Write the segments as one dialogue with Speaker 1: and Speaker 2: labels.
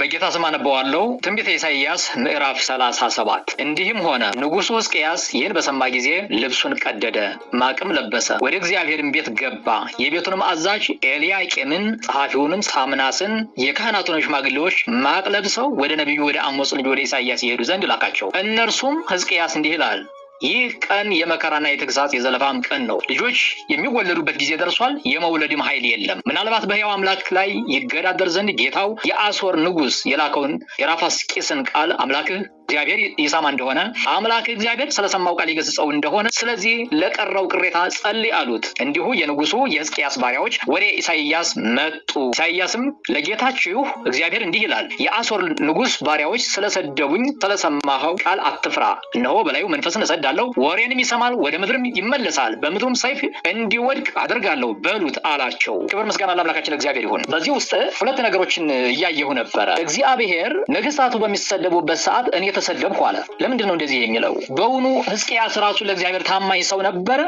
Speaker 1: በጌታ ስም አነበዋለሁ። ትንቢተ ኢሳይያስ ምዕራፍ ሰላሳ ሰባት እንዲህም ሆነ ንጉሱ ሕዝቅያስ ይህን በሰማ ጊዜ ልብሱን ቀደደ፣ ማቅም ለበሰ፣ ወደ እግዚአብሔርን ቤት ገባ። የቤቱንም አዛዥ ኤልያቄምን፣ ጸሐፊውንም ሳምናስን፣ የካህናቱን ሽማግሌዎች ማቅ ለብሰው ወደ ነቢዩ ወደ አሞጽ ልጅ ወደ ኢሳይያስ ይሄዱ ዘንድ ላካቸው። እነርሱም ሕዝቅያስ እንዲህ ይላል ይህ ቀን የመከራና የተግሳጽ የዘለፋም ቀን ነው። ልጆች የሚወለዱበት ጊዜ ደርሷል። የመውለድም ኃይል የለም። ምናልባት በሕያው አምላክ ላይ ይገዳደር ዘንድ ጌታው የአሶር ንጉሥ የላከውን የራፋስቂስን ቃል አምላክህ እግዚአብሔር ይሰማ እንደሆነ አምላክ እግዚአብሔር ስለሰማው ቃል ይገስጸው እንደሆነ ስለዚህ ለቀረው ቅሬታ ጸልይ አሉት። እንዲሁ የንጉሱ የሕዝቅያስ ባሪያዎች ወደ ኢሳይያስ መጡ። ኢሳይያስም ለጌታችሁ እግዚአብሔር እንዲህ ይላል፣ የአሶር ንጉስ ባሪያዎች ስለሰደቡኝ ስለሰማኸው ቃል አትፍራ። እነሆ በላዩ መንፈስን እሰዳለሁ፣ ወሬንም ይሰማል፣ ወደ ምድርም ይመለሳል፣ በምድሩም ሰይፍ እንዲወድቅ አድርጋለሁ በሉት አላቸው። ክብር ምስጋና ለአምላካችን እግዚአብሔር ይሁን። በዚህ ውስጥ ሁለት ነገሮችን እያየሁ ነበረ። እግዚአብሔር ነገስታቱ በሚሰደቡበት ሰዓት እኔ እየተሰደብኩ አለ። ለምንድን ነው እንደዚህ የሚለው? በውኑ ህዝቅያስ ራሱ ለእግዚአብሔር ታማኝ ሰው ነበረ?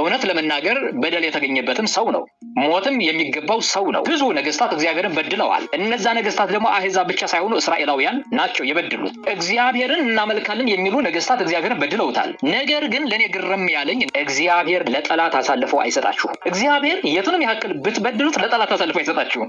Speaker 1: እውነት ለመናገር በደል የተገኘበትም ሰው ነው። ሞትም የሚገባው ሰው ነው። ብዙ ነገስታት እግዚአብሔርን በድለዋል። እነዛ ነገስታት ደግሞ አህዛብ ብቻ ሳይሆኑ እስራኤላውያን ናቸው የበድሉት። እግዚአብሔርን እናመልካለን የሚሉ ነገስታት እግዚአብሔርን በድለውታል። ነገር ግን ለእኔ ግርም ያለኝ እግዚአብሔር ለጠላት አሳልፎ አይሰጣችሁም። እግዚአብሔር የቱንም ያክል ብትበድሉት ለጠላት አሳልፎ አይሰጣችሁም።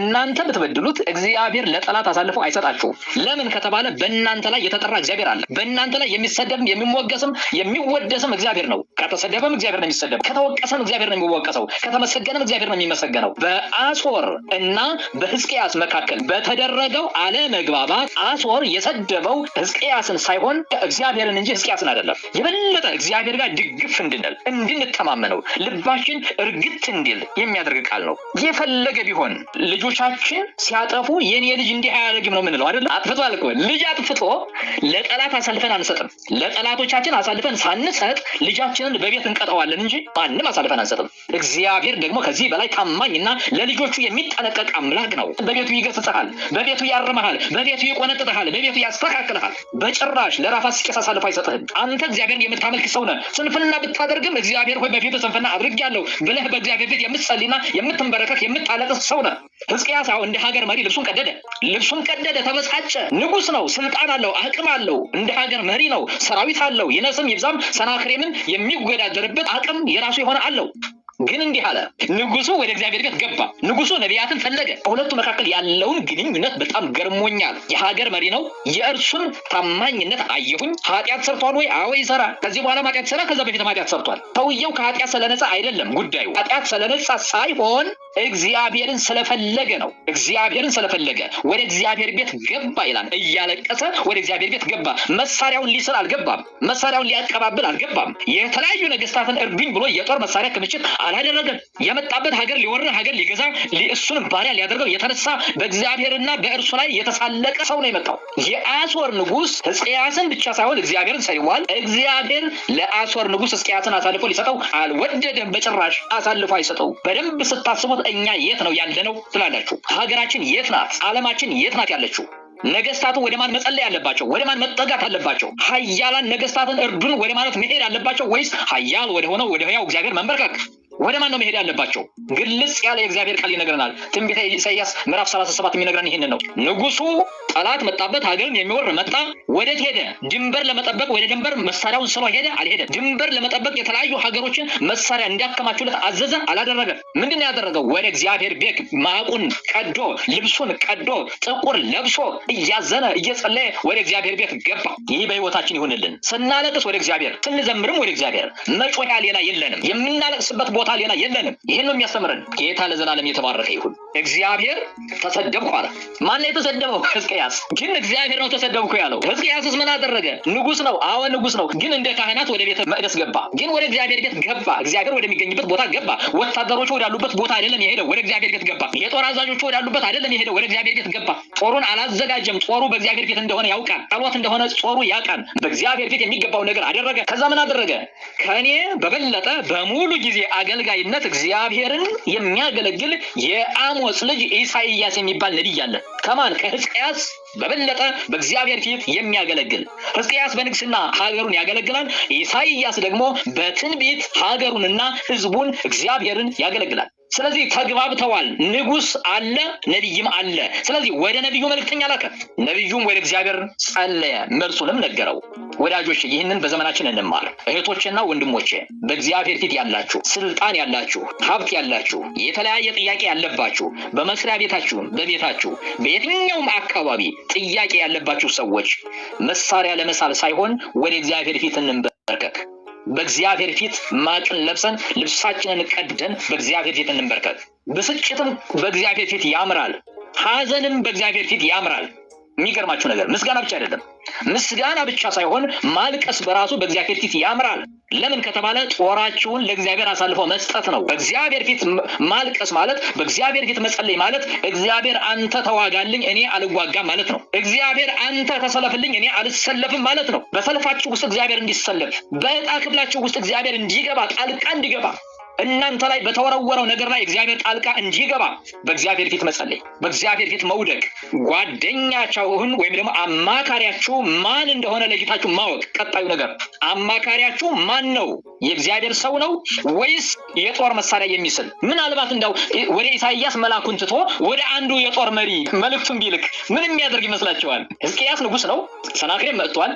Speaker 1: እናንተ ብትበድሉት እግዚአብሔር ለጠላት አሳልፎ አይሰጣችሁም። ለምን ከተባለ በእናንተ ላይ የተጠራ እግዚአብሔር አለ። በእናንተ ላይ የሚሰደብም የሚሞገስም የሚወደስም እግዚአብሔር ነው። ከተሰደበም እግዚአብሔር ነው የሚሰደበው፣ ከተወቀሰም እግዚአብሔር ነው የሚወቀሰው፣ ከተመሰገነም እግዚአብሔር ነው የሚመሰገነው። በአሶር እና በህዝቅያስ መካከል በተደረገው አለመግባባት አሶር የሰደበው ህዝቅያስን ሳይሆን እግዚአብሔርን እንጂ ህዝቅያስን አይደለም። የበለጠ እግዚአብሔር ጋር ድግፍ እንድንል እንድንተማመነው ልባችን እርግት እንዲል የሚያደርግ ቃል ነው። የፈለገ ቢሆን ልጆቻችን ሲያጠፉ የኔ ልጅ እንዲህ አያደርግም ነው የምንለው አይደለ? አጥፍቶ አለ ልጅ አጥፍቶ ለጠላት አሳልፈን አንሰጥም። ለጠላቶቻችን አሳልፈን ሳንሰጥ ልጃችንን በቤት እንቀጠዋለን። እንሰጠዋለን እንጂ ማንም አሳልፈን አንሰጥም። እግዚአብሔር ደግሞ ከዚህ በላይ ታማኝና ለልጆቹ የሚጠነቀቅ አምላክ ነው። በቤቱ ይገስጽሃል፣ በቤቱ ያርመሃል፣ በቤቱ ይቆነጥጥሃል፣ በቤቱ ያስተካክልሃል። በጭራሽ ለራፋ ስቄስ አሳልፎ አይሰጥህም። አንተ እግዚአብሔር የምታመልክ ሰው ነህ። ስንፍና ብታደርግም እግዚአብሔር ሆይ በፊቱ ስንፍና አድርጌያለሁ ብለህ በእግዚአብሔር ፊት የምትጸልይና የምትንበረከክ የምታለቅስ ሰው ነህ። ሕዝቅያስ አሁን እንደ ሀገር መሪ ልብሱን ቀደደ፣ ልብሱን ቀደደ፣ ተበሳጨ። ንጉስ ነው፣ ስልጣን አለው፣ አቅም አለው፣ እንደ ሀገር መሪ ነው፣ ሰራዊት አለው። ይነስም ይብዛም ሰናክሬምን የሚወዳደርበት አቅም የራሱ የሆነ አለው። ግን እንዲህ አለ። ንጉሱ ወደ እግዚአብሔር ቤት ገባ። ንጉሱ ነቢያትን ፈለገ። በሁለቱ መካከል ያለውን ግንኙነት በጣም ገርሞኛል። የሀገር መሪ ነው። የእርሱን ታማኝነት አየሁኝ። ኃጢአት ሰርቷል ወይ? አዎ ይሰራ። ከዚህ በኋላ ኃጢአት ይሰራ። ከዛ በፊት ኃጢአት ሰርቷል። ሰውየው ከኃጢአት ስለነጻ አይደለም ጉዳዩ። ኃጢአት ስለነጻ ሳይሆን እግዚአብሔርን ስለፈለገ ነው። እግዚአብሔርን ስለፈለገ ወደ እግዚአብሔር ቤት ገባ ይላል። እያለቀሰ ወደ እግዚአብሔር ቤት ገባ። መሳሪያውን ሊስል አልገባም። መሳሪያውን ሊያቀባብል አልገባም። የተለያዩ ነገስታትን እርዱኝ ብሎ የጦር መሳሪያ ክምችት አላደረገም። የመጣበት ሀገር ሊወረን ሀገር ሊገዛ እሱንም ባሪያ ሊያደርገው የተነሳ በእግዚአብሔርና በእርሱ ላይ የተሳለቀ ሰው ነው የመጣው። የአሶር ንጉስ ሕዝቅያስን ብቻ ሳይሆን እግዚአብሔርን ሰይዋል። እግዚአብሔር ለአሶር ንጉስ ሕዝቅያስን አሳልፎ ሊሰጠው አልወደደም። በጭራሽ አሳልፎ አይሰጠው። በደንብ ስታስቡት እኛ የት ነው ያለነው ትላላችሁ? ሀገራችን የት ናት? አለማችን የት ናት ያለችው? ነገስታቱ ወደ ማን መጸለይ አለባቸው? ወደ ማን መጠጋት አለባቸው? ሀያላን ነገስታትን እርዱን ወደ ማለት መሄድ አለባቸው ወይስ ሀያል ወደሆነው ወደ ህያው እግዚአብሔር መንበርከክ ወደ ማን ነው መሄድ ያለባቸው? ግልጽ ያለ የእግዚአብሔር ቃል ይነግረናል። ትንቢተ ኢሳያስ ምዕራፍ 37 የሚነግረን ይህንን ነው። ንጉሱ ጠላት መጣበት፣ ሀገርን የሚወር መጣ። ወዴት ሄደ? ድንበር ለመጠበቅ ወደ ድንበር መሳሪያውን ስሎ ሄደ? አልሄደም። ድንበር ለመጠበቅ የተለያዩ ሀገሮችን መሳሪያ እንዲያከማችሁለት አዘዘ? አላደረገም። ምንድን ያደረገው? ወደ እግዚአብሔር ቤት ማቁን ቀዶ ልብሱን ቀዶ ጥቁር ለብሶ እያዘነ እየጸለየ ወደ እግዚአብሔር ቤት ገባ። ይህ በህይወታችን ይሁንልን። ስናለቅስ ወደ እግዚአብሔር፣ ስንዘምርም ወደ እግዚአብሔር። መጮያ ሌላ የለንም። የምናለቅስበት ቦታ ቦታ ሌላ የለንም። ይህን ነው የሚያስተምረን። ጌታ ለዘላለም የተባረከ ይሁን። እግዚአብሔር ተሰደብኩ አለ። ማን ነው የተሰደበው? ህዝቅያስ ግን እግዚአብሔር ነው ተሰደብኩ ያለው። ህዝቅያስስ ምን አደረገ? ንጉስ ነው። አዎ ንጉስ ነው። ግን እንደ ካህናት ወደ ቤተ መቅደስ ገባ። ግን ወደ እግዚአብሔር ቤት ገባ። እግዚአብሔር ወደሚገኝበት ቦታ ገባ። ወታደሮቹ ወዳሉበት ቦታ አይደለም የሄደው፣ ወደ እግዚአብሔር ቤት ገባ። የጦር አዛዦቹ ወዳሉበት አይደለም የሄደው፣ ወደ እግዚአብሔር ቤት ገባ። ጦሩን አላዘጋጀም። ጦሩ በእግዚአብሔር ቤት እንደሆነ ያውቃል። ጸሎት እንደሆነ ጦሩ ያውቃል። በእግዚአብሔር ቤት የሚገባው ነገር አደረገ። ከዛ ምን አደረገ? ከእኔ በበለጠ በሙሉ ጊዜ አገል በአገልጋይነት እግዚአብሔርን የሚያገለግል የአሞጽ ልጅ ኢሳይያስ የሚባል ነቢይ አለ። ከማን ከህዝቅያስ በበለጠ በእግዚአብሔር ፊት የሚያገለግል ህዝቅያስ በንግስና ሀገሩን ያገለግላል። ኢሳይያስ ደግሞ በትንቢት ሀገሩንና ህዝቡን እግዚአብሔርን ያገለግላል። ስለዚህ ተግባብተዋል። ንጉስ አለ፣ ነቢይም አለ። ስለዚህ ወደ ነቢዩ መልእክተኛ ላከ፣ ነቢዩም ወደ እግዚአብሔር ጸለየ፣ መልሱንም ነገረው። ወዳጆች ይህንን በዘመናችን እንማር። እህቶቼና ወንድሞቼ በእግዚአብሔር ፊት ያላችሁ ስልጣን ያላችሁ ሀብት ያላችሁ የተለያየ ጥያቄ ያለባችሁ በመስሪያ ቤታችሁ፣ በቤታችሁ፣ በየትኛውም አካባቢ ጥያቄ ያለባችሁ ሰዎች መሳሪያ ለመሳል ሳይሆን ወደ እግዚአብሔር ፊት እንበርከክ። በእግዚአብሔር ፊት ማቅን ለብሰን ልብሳችንን ቀደን በእግዚአብሔር ፊት እንመርከት። ብስጭትም በእግዚአብሔር ፊት ያምራል፣ ሐዘንም በእግዚአብሔር ፊት ያምራል። የሚገርማችሁ ነገር ምስጋና ብቻ አይደለም። ምስጋና ብቻ ሳይሆን ማልቀስ በራሱ በእግዚአብሔር ፊት ያምራል። ለምን ከተባለ ጦራችሁን ለእግዚአብሔር አሳልፎ መስጠት ነው። በእግዚአብሔር ፊት ማልቀስ ማለት በእግዚአብሔር ፊት መጸለይ ማለት እግዚአብሔር አንተ ተዋጋልኝ እኔ አልዋጋም ማለት ነው። እግዚአብሔር አንተ ተሰለፍልኝ እኔ አልሰለፍም ማለት ነው። በሰልፋችሁ ውስጥ እግዚአብሔር እንዲሰለፍ፣ በዕጣ ክፍላችሁ ውስጥ እግዚአብሔር እንዲገባ ጣልቃ እንዲገባ እናንተ ላይ በተወረወረው ነገር ላይ እግዚአብሔር ጣልቃ እንዲገባ በእግዚአብሔር ፊት መጸለይ፣ በእግዚአብሔር ፊት መውደቅ፣ ጓደኛቸውን ወይም ደግሞ አማካሪያችሁ ማን እንደሆነ ለይታችሁ ማወቅ። ቀጣዩ ነገር አማካሪያችሁ ማን ነው? የእግዚአብሔር ሰው ነው ወይስ የጦር መሳሪያ የሚስል? ምናልባት እንደው ወደ ኢሳይያስ መላኩን ትቶ ወደ አንዱ የጦር መሪ መልእክቱን ቢልክ ምን የሚያደርግ ይመስላችኋል? ህዝቅያስ ንጉስ ነው፣ ሰናክሬም መጥቷል።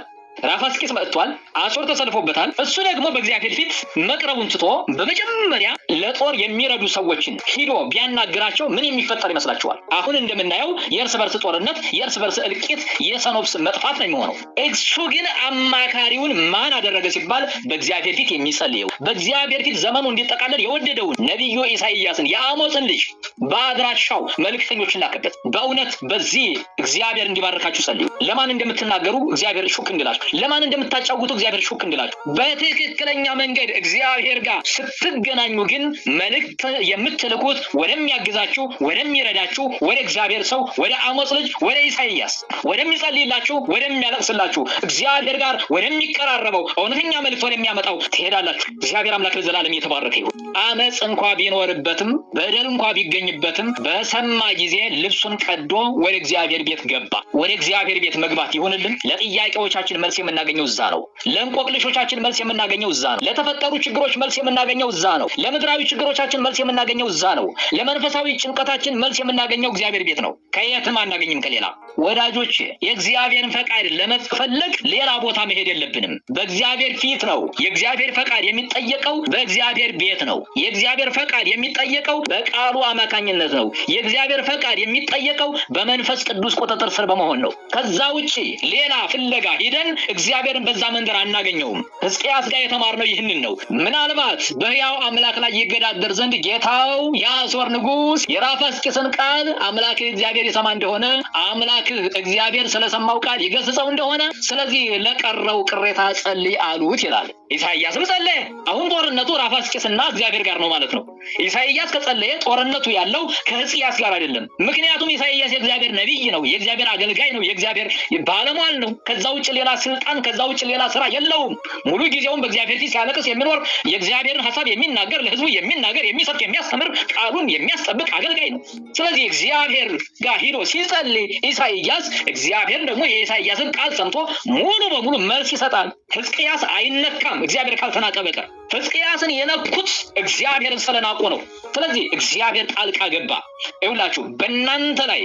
Speaker 1: ራፋስቂስ መጥቷል። አጾር ተሰልፎበታል። እሱ ደግሞ በእግዚአብሔር ፊት መቅረቡን ትቶ በመጀመሪያ ለጦር የሚረዱ ሰዎችን ሂዶ ቢያናግራቸው ምን የሚፈጠር ይመስላችኋል? አሁን እንደምናየው የእርስ በርስ ጦርነት፣ የእርስ በርስ እልቂት፣ የሰኖብስ መጥፋት ነው የሚሆነው። እሱ ግን አማካሪውን ማን አደረገ ሲባል በእግዚአብሔር ፊት የሚጸልየው በእግዚአብሔር ፊት ዘመኑ እንዲጠቃለል የወደደውን ነቢዩ ኢሳይያስን የአሞፅን ልጅ በአድራሻው መልክተኞችን ላከበት። በእውነት በዚህ እግዚአብሔር እንዲባርካችሁ ጸልዩ። ለማን እንደምትናገሩ እግዚአብሔር ሹክ እንድላችሁ ለማን እንደምታጫውቱ እግዚአብሔር ሹክ እንድላችሁ በትክክለኛ መንገድ እግዚአብሔር ጋር ስትገናኙ ግን መልእክት የምትልኩት ወደሚያግዛችሁ፣ ወደሚረዳችሁ ወደ እግዚአብሔር ሰው ወደ አሞጽ ልጅ ወደ ኢሳይያስ ወደሚጸልይላችሁ፣ ወደሚያለቅስላችሁ እግዚአብሔር ጋር ወደሚቀራረበው እውነተኛ መልእክት ወደሚያመጣው ትሄዳላችሁ። እግዚአብሔር አምላክ ለዘላለም የተባረከ ይሁን። አመፅ እንኳ ቢኖርበትም በደል እንኳ ቢገኝበትም በሰማ ጊዜ ልብሱን ቀዶ ወደ እግዚአብሔር ቤት ገባ። ወደ እግዚአብሔር ቤት መግባት ይሁንልን። ለጥያቄዎቻችን መልስ የምናገኘው እዛ ነው። ለእንቆቅልሾቻችን መልስ የምናገኘው እዛ ነው። ለተፈጠሩ ችግሮች መልስ የምናገኘው እዛ ነው። ለምድራዊ ችግሮቻችን መልስ የምናገኘው እዛ ነው። ለመንፈሳዊ ጭንቀታችን መልስ የምናገኘው እግዚአብሔር ቤት ነው። ከየትም አናገኝም ከሌላ ወዳጆች የእግዚአብሔርን ፈቃድ ለመፈለግ ሌላ ቦታ መሄድ የለብንም። በእግዚአብሔር ፊት ነው። የእግዚአብሔር ፈቃድ የሚጠየቀው በእግዚአብሔር ቤት ነው። የእግዚአብሔር ፈቃድ የሚጠየቀው በቃሉ አማካኝነት ነው። የእግዚአብሔር ፈቃድ የሚጠየቀው በመንፈስ ቅዱስ ቁጥጥር ስር በመሆን ነው። ከዛ ውጭ ሌላ ፍለጋ ሂደን እግዚአብሔርን በዛ መንገድ አናገኘውም። ሕዝቅያስ ጋር የተማርነው ይህንን ነው። ምናልባት በሕያው አምላክ ላይ ይገዳደር ዘንድ ጌታው የአሦር ንጉሥ የራፋስቂስን ቃል አምላክ እግዚአብሔር እግዚአብሔር ይሰማ እንደሆነ አምላክህ እግዚአብሔር ስለሰማው ቃል ይገስጸው እንደሆነ ስለዚህ ለቀረው ቅሬታ ጸልይ አሉት ይላል። ኢሳይያስም ጸለየ። አሁን ጦርነቱ ራፋስቂስና እግዚአብሔር ጋር ነው ማለት ነው። ኢሳይያስ ከጸለየ ጦርነቱ ያለው ከህጽያስ ጋር አይደለም። ምክንያቱም ኢሳይያስ የእግዚአብሔር ነቢይ ነው፣ የእግዚአብሔር አገልጋይ ነው፣ የእግዚአብሔር ባለሟል ነው። ከዛ ውጭ ሌላ ስልጣን፣ ከዛ ውጭ ሌላ ስራ የለውም። ሙሉ ጊዜውን በእግዚአብሔር ፊት ሲያለቅስ የሚኖር የእግዚአብሔርን ሀሳብ የሚናገር ለህዝቡ የሚናገር የሚሰጥ፣ የሚያስተምር ቃሉን የሚያስጠብቅ አገልጋይ ነው። ስለዚህ እግዚአብሔር ጋር ሂዶ ሲጸልይ ኢሳይያስ እግዚአብሔር ደግሞ የኢሳይያስን ቃል ሰምቶ ሙሉ በሙሉ መልስ ይሰጣል። ህዝቅያስ አይነካም እግዚአብሔር ካልተናቀ በቀር ሕዝቅያስን የነኩት እግዚአብሔርን ስለናቁ ነው። ስለዚህ እግዚአብሔር ጣልቃ ገባ። ይሁላችሁ በእናንተ ላይ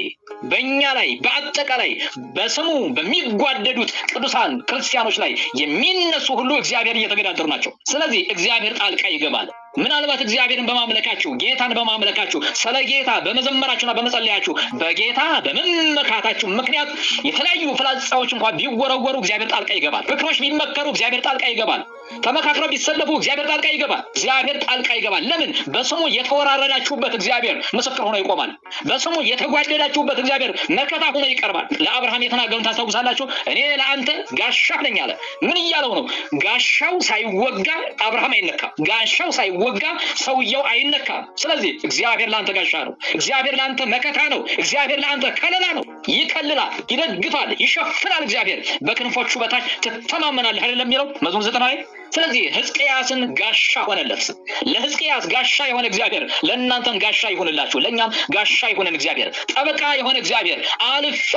Speaker 1: በእኛ ላይ በአጠቃላይ በስሙ በሚጓደዱት ቅዱሳን ክርስቲያኖች ላይ የሚነሱ ሁሉ እግዚአብሔር እየተገዳደሩ ናቸው። ስለዚህ እግዚአብሔር ጣልቃ ይገባል። ምናልባት እግዚአብሔርን በማምለካችሁ ጌታን በማምለካችሁ ስለ ጌታ በመዘመራችሁና በመጸለያችሁ በጌታ በመመካታችሁ ምክንያት የተለያዩ ፍላጻዎች እንኳ ቢወረወሩ እግዚአብሔር ጣልቃ ይገባል። ምክሮች ቢመከሩ እግዚአብሔር ጣልቃ ይገባል። ተመካክረው ቢሰለፉ እግዚአብሔር ጣልቃ ይገባል። እግዚአብሔር ጣልቃ ይገባል። ለምን? በስሙ የተወራረዳችሁበት እግዚአብሔር ምስክር ሆኖ ይቆማል። በስሙ የተጓደዳችሁበት እግዚአብሔር መከታ ሆኖ ይቀርባል። ለአብርሃም የተናገሩ ታስታውሳላችሁ። እኔ ለአንተ ጋሻ ነኝ አለ። ምን እያለው ነው? ጋሻው ሳይወጋ አብርሃም አይነካም። ጋሻው ሳይወጋ ሰውየው አይነካም። ስለዚህ እግዚአብሔር ለአንተ ጋሻ ነው። እግዚአብሔር ለአንተ መከታ ነው። እግዚአብሔር ለአንተ ከለላ ነው። ይከልላል፣ ይደግፋል፣ ይሸፍናል። እግዚአብሔር በክንፎቹ በታች ትተማመናለህ አይደለም የሚለው መዝሙር ዘጠና ላይ ስለዚህ ህዝቅያስን ጋሻ ሆነለት። ለህዝቅያስ ጋሻ የሆነ እግዚአብሔር ለእናንተም ጋሻ ይሁንላችሁ፣ ለእኛም ጋሻ ይሁንን እግዚአብሔር። ጠበቃ የሆነ እግዚአብሔር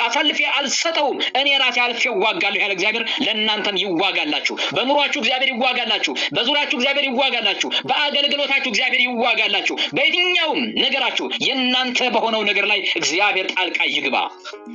Speaker 1: አሳልፌ አልሰጠውም፣ እኔ ራሴ አልፌ እዋጋለሁ ያለ እግዚአብሔር ለእናንተም ይዋጋላችሁ። በኑሯችሁ እግዚአብሔር ይዋጋላችሁ፣ በዙሪያችሁ እግዚአብሔር ይዋጋላችሁ፣ በአገልግሎታችሁ እግዚአብሔር ይዋጋላችሁ። በየትኛውም ነገራችሁ የእናንተ በሆነው ነገር ላይ እግዚአብሔር ጣልቃ ይግባ።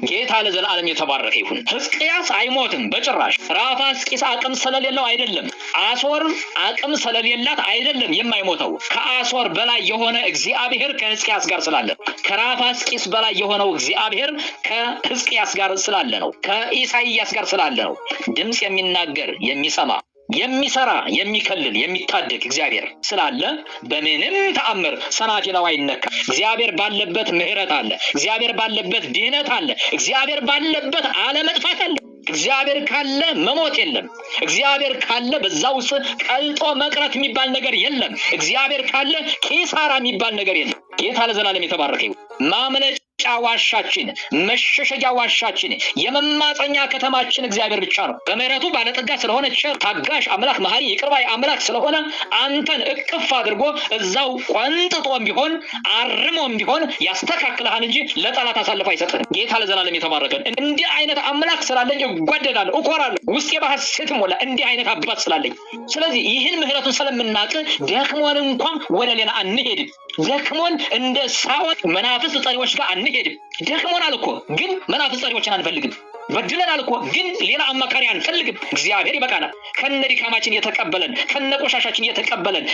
Speaker 1: ጌታ ለዘላለም የተባረከ ይሁን። ህዝቅያስ አይሞትም በጭራሽ። ራፋስቂስ አቅም ስለሌለው አይደለም አሶርም አቅም ስለሌላት አይደለም የማይሞተው ከአሶር በላይ የሆነ እግዚአብሔር ከህዝቅያስ ጋር ስላለ ከራፋስቂስ በላይ የሆነው እግዚአብሔር ከህዝቅያስ ጋር ስላለ ነው። ከኢሳይያስ ጋር ስላለ ነው። ድምፅ የሚናገር የሚሰማ የሚሰራ የሚከልል የሚታደግ እግዚአብሔር ስላለ በምንም ተአምር ሰናፊላው አይነካ። እግዚአብሔር ባለበት ምህረት አለ። እግዚአብሔር ባለበት ድህነት አለ። እግዚአብሔር ባለበት አለመጥፋት አለ። እግዚአብሔር ካለ መሞት የለም። እግዚአብሔር ካለ በዛ ውስጥ ቀልጦ መቅረት የሚባል ነገር የለም። እግዚአብሔር ካለ ኪሳራ የሚባል ነገር የለም። ጌታ ለዘላለም የተባረከ ይሁን። ማምለጫ መውጫ ዋሻችን፣ መሸሸጊያ ዋሻችን፣ የመማፀኛ ከተማችን እግዚአብሔር ብቻ ነው። በምሕረቱ ባለጠጋ ስለሆነ ቸር ታጋሽ አምላክ መሐሪ ይቅርባይ አምላክ ስለሆነ አንተን እቅፍ አድርጎ እዛው ቆንጥጦም ቢሆን አርሞም ቢሆን ያስተካክልሃል እንጂ ለጠላት አሳልፎ አይሰጥህም። ጌታ ለዘላለም የተባረከን። እንዲህ አይነት አምላክ ስላለኝ እጓደዳለሁ፣ እኮራለሁ፣ ውስጤ በሐሴት ሞላ እንዲህ አይነት አባት ስላለኝ። ስለዚህ ይህን ምሕረቱን ስለምናቅ ደክሞን እንኳን ወደ ሌላ አንሄድም። ደክሞን እንደ ሳወት መናፍስ ጠሪዎች ጋር አንሄድም። ደክሞናል እኮ ግን መናፍስ ጠሪዎችን አንፈልግም። በድለናል እኮ ግን ሌላ አማካሪ አንፈልግም። እግዚአብሔር ይበቃናል። ከነ ድካማችን እየተቀበለን ከነ ቆሻሻችን እየተቀበለን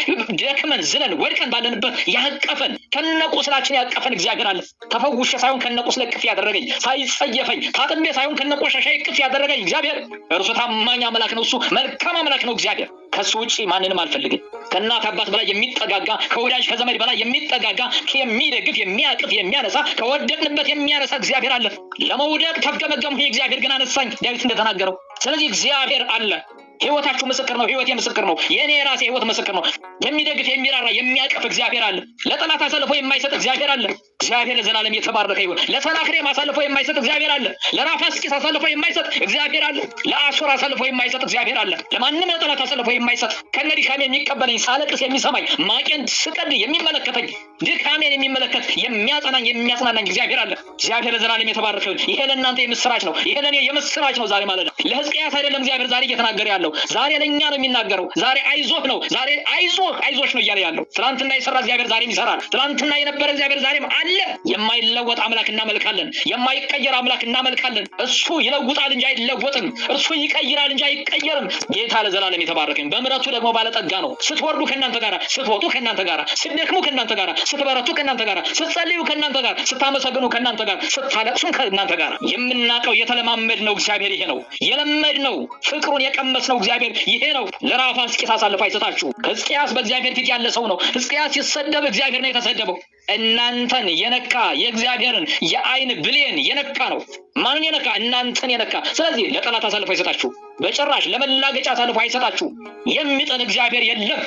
Speaker 1: ደክመን ዝለን ወድቀን ባለንበት ያቀፈን ከነ ቁስላችን ያቀፈን እግዚአብሔር አለ። ተፈውሸ ሳይሆን ከነ ቁስለ ቅፍ ያደረገኝ ሳይጸየፈኝ ታጥቤ ሳይሆን ከነ ቆሻሻ ቅፍ ያደረገኝ እግዚአብሔር እርሱ ታማኝ አምላክ ነው። እሱ መልካም አምላክ ነው እግዚአብሔር ከሱ ውጭ ማንንም አልፈልግም። ከእናት አባት በላይ የሚጠጋጋ ከወዳጅ ከዘመድ በላይ የሚጠጋጋ የሚደግፍ፣ የሚያቅፍ፣ የሚያነሳ ከወደቅንበት የሚያነሳ እግዚአብሔር አለ። ለመውደቅ ተፍገመገምሁ፣ እግዚአብሔር ግን አነሳኝ ዳዊት እንደተናገረው። ስለዚህ እግዚአብሔር አለ። ህይወታችሁ ምስክር ነው። ህይወቴ ምስክር ነው። የእኔ የራሴ ህይወት ምስክር ነው። የሚደግፍ የሚራራ የሚያቀፍ እግዚአብሔር አለ። ለጠላት አሳልፎ የማይሰጥ እግዚአብሔር አለ። እግዚአብሔር ለዘላለም የተባረከ ይሁን። ለሰናክሬም አሳልፎ የማይሰጥ እግዚአብሔር አለ። ለራፋስቂስ አሳልፎ የማይሰጥ እግዚአብሔር አለ። ለአሱር አሳልፎ የማይሰጥ እግዚአብሔር አለ። ለማንም ለጠላት አሳልፎ የማይሰጥ ከነ የሚቀበለኝ ሳለቅስ የሚሰማኝ ማቄን ስቀድ የሚመለከተኝ ድካሜን የሚመለከት የሚያጸናኝ የሚያጽናናኝ እግዚአብሔር አለ። እግዚአብሔር ለዘላለም የተባረከ ይሁን። ይሄ ለእናንተ የምስራች ነው። ይሄ ለእኔ የምስራች ነው። ዛሬ ማለት ነው ለህዝቅያስ አይደለም እግዚአብሔር ዛሬ እየተናገረ ያለው ዛሬ ለእኛ ነው የሚናገረው። ዛሬ አይዞህ ነው። ዛሬ አይዞህ አይዞች ነው እያለ ያለው። ትናንትና የሰራ እግዚአብሔር ዛሬም ይሰራል። ትናንትና የነበረ እግዚአብሔር ዛሬም አለ። የማይለወጥ አምላክ እናመልካለን። የማይቀየር አምላክ እናመልካለን። እሱ ይለውጣል እንጂ አይለወጥም። እርሱ ይቀይራል እንጂ አይቀየርም። ጌታ ለዘላለም የተባረከ በምረቱ ደግሞ ባለጠጋ ነው። ስትወርዱ ከእናንተ ጋር፣ ስትወጡ ከእናንተ ጋር፣ ስትደክሙ ከእናንተ ጋር፣ ስትበረቱ ከእናንተ ጋር፣ ስትጸልዩ ከእናንተ ጋር፣ ስታመሰግኑ ከእናንተ ጋር ጋር ስታለቅሱም ከእናንተ ጋር የምናውቀው የተለማመድ ነው። እግዚአብሔር ይሄ ነው የለመድ ነው። ፍቅሩን የቀመስ ነው። እግዚአብሔር ይሄ ነው። ለራፋ ሕዝቅያስ አሳልፎ አይሰጣችሁ። ሕዝቅያስ በእግዚአብሔር ፊት ያለ ሰው ነው። ሕዝቅያስ ሲሰደብ እግዚአብሔር ነው የተሰደበው። እናንተን የነካ የእግዚአብሔርን የአይን ብሌን የነካ ነው። ማንን የነካ? እናንተን የነካ። ስለዚህ ለጠላት አሳልፎ አይሰጣችሁ፣ በጭራሽ ለመላገጫ አሳልፎ አይሰጣችሁ። የሚጠን እግዚአብሔር የለም።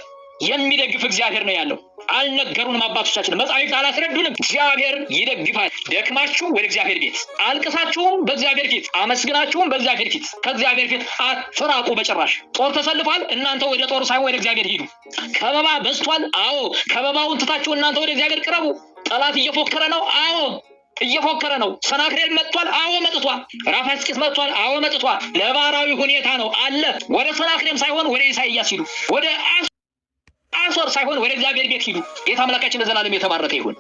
Speaker 1: የሚደግፍ እግዚአብሔር ነው ያለው። አልነገሩንም። አባቶቻችን መጻሕፍት አላስረዱንም። እግዚአብሔር ይደግፋል። ደክማችሁ ወደ እግዚአብሔር ቤት፣ አልቅሳችሁም በእግዚአብሔር ፊት፣ አመስግናችሁም በእግዚአብሔር ፊት፣ ከእግዚአብሔር ፊት አትራቁ በጭራሽ። ጦር ተሰልፏል። እናንተ ወደ ጦር ሳይሆን ወደ እግዚአብሔር ሂዱ። ከበባ በዝቷል። አዎ፣ ከበባውን ትታችሁ እናንተ ወደ እግዚአብሔር ቅረቡ። ጠላት እየፎከረ ነው። አዎ እየፎከረ ነው። ሰናክሬል መጥቷል። አዎ መጥቷል። ራፋስቂስ መጥቷል። አዎ መጥቷል። ነባራዊ ሁኔታ ነው አለ። ወደ ሰናክሬም ሳይሆን ወደ ኢሳይያስ ሲሉ ወደ ጣሶር ሳይሆን ወደ እግዚአብሔር ቤት ሂዱ። ጌታ አምላካችን ለዘላለም የተባረከ ይሁን።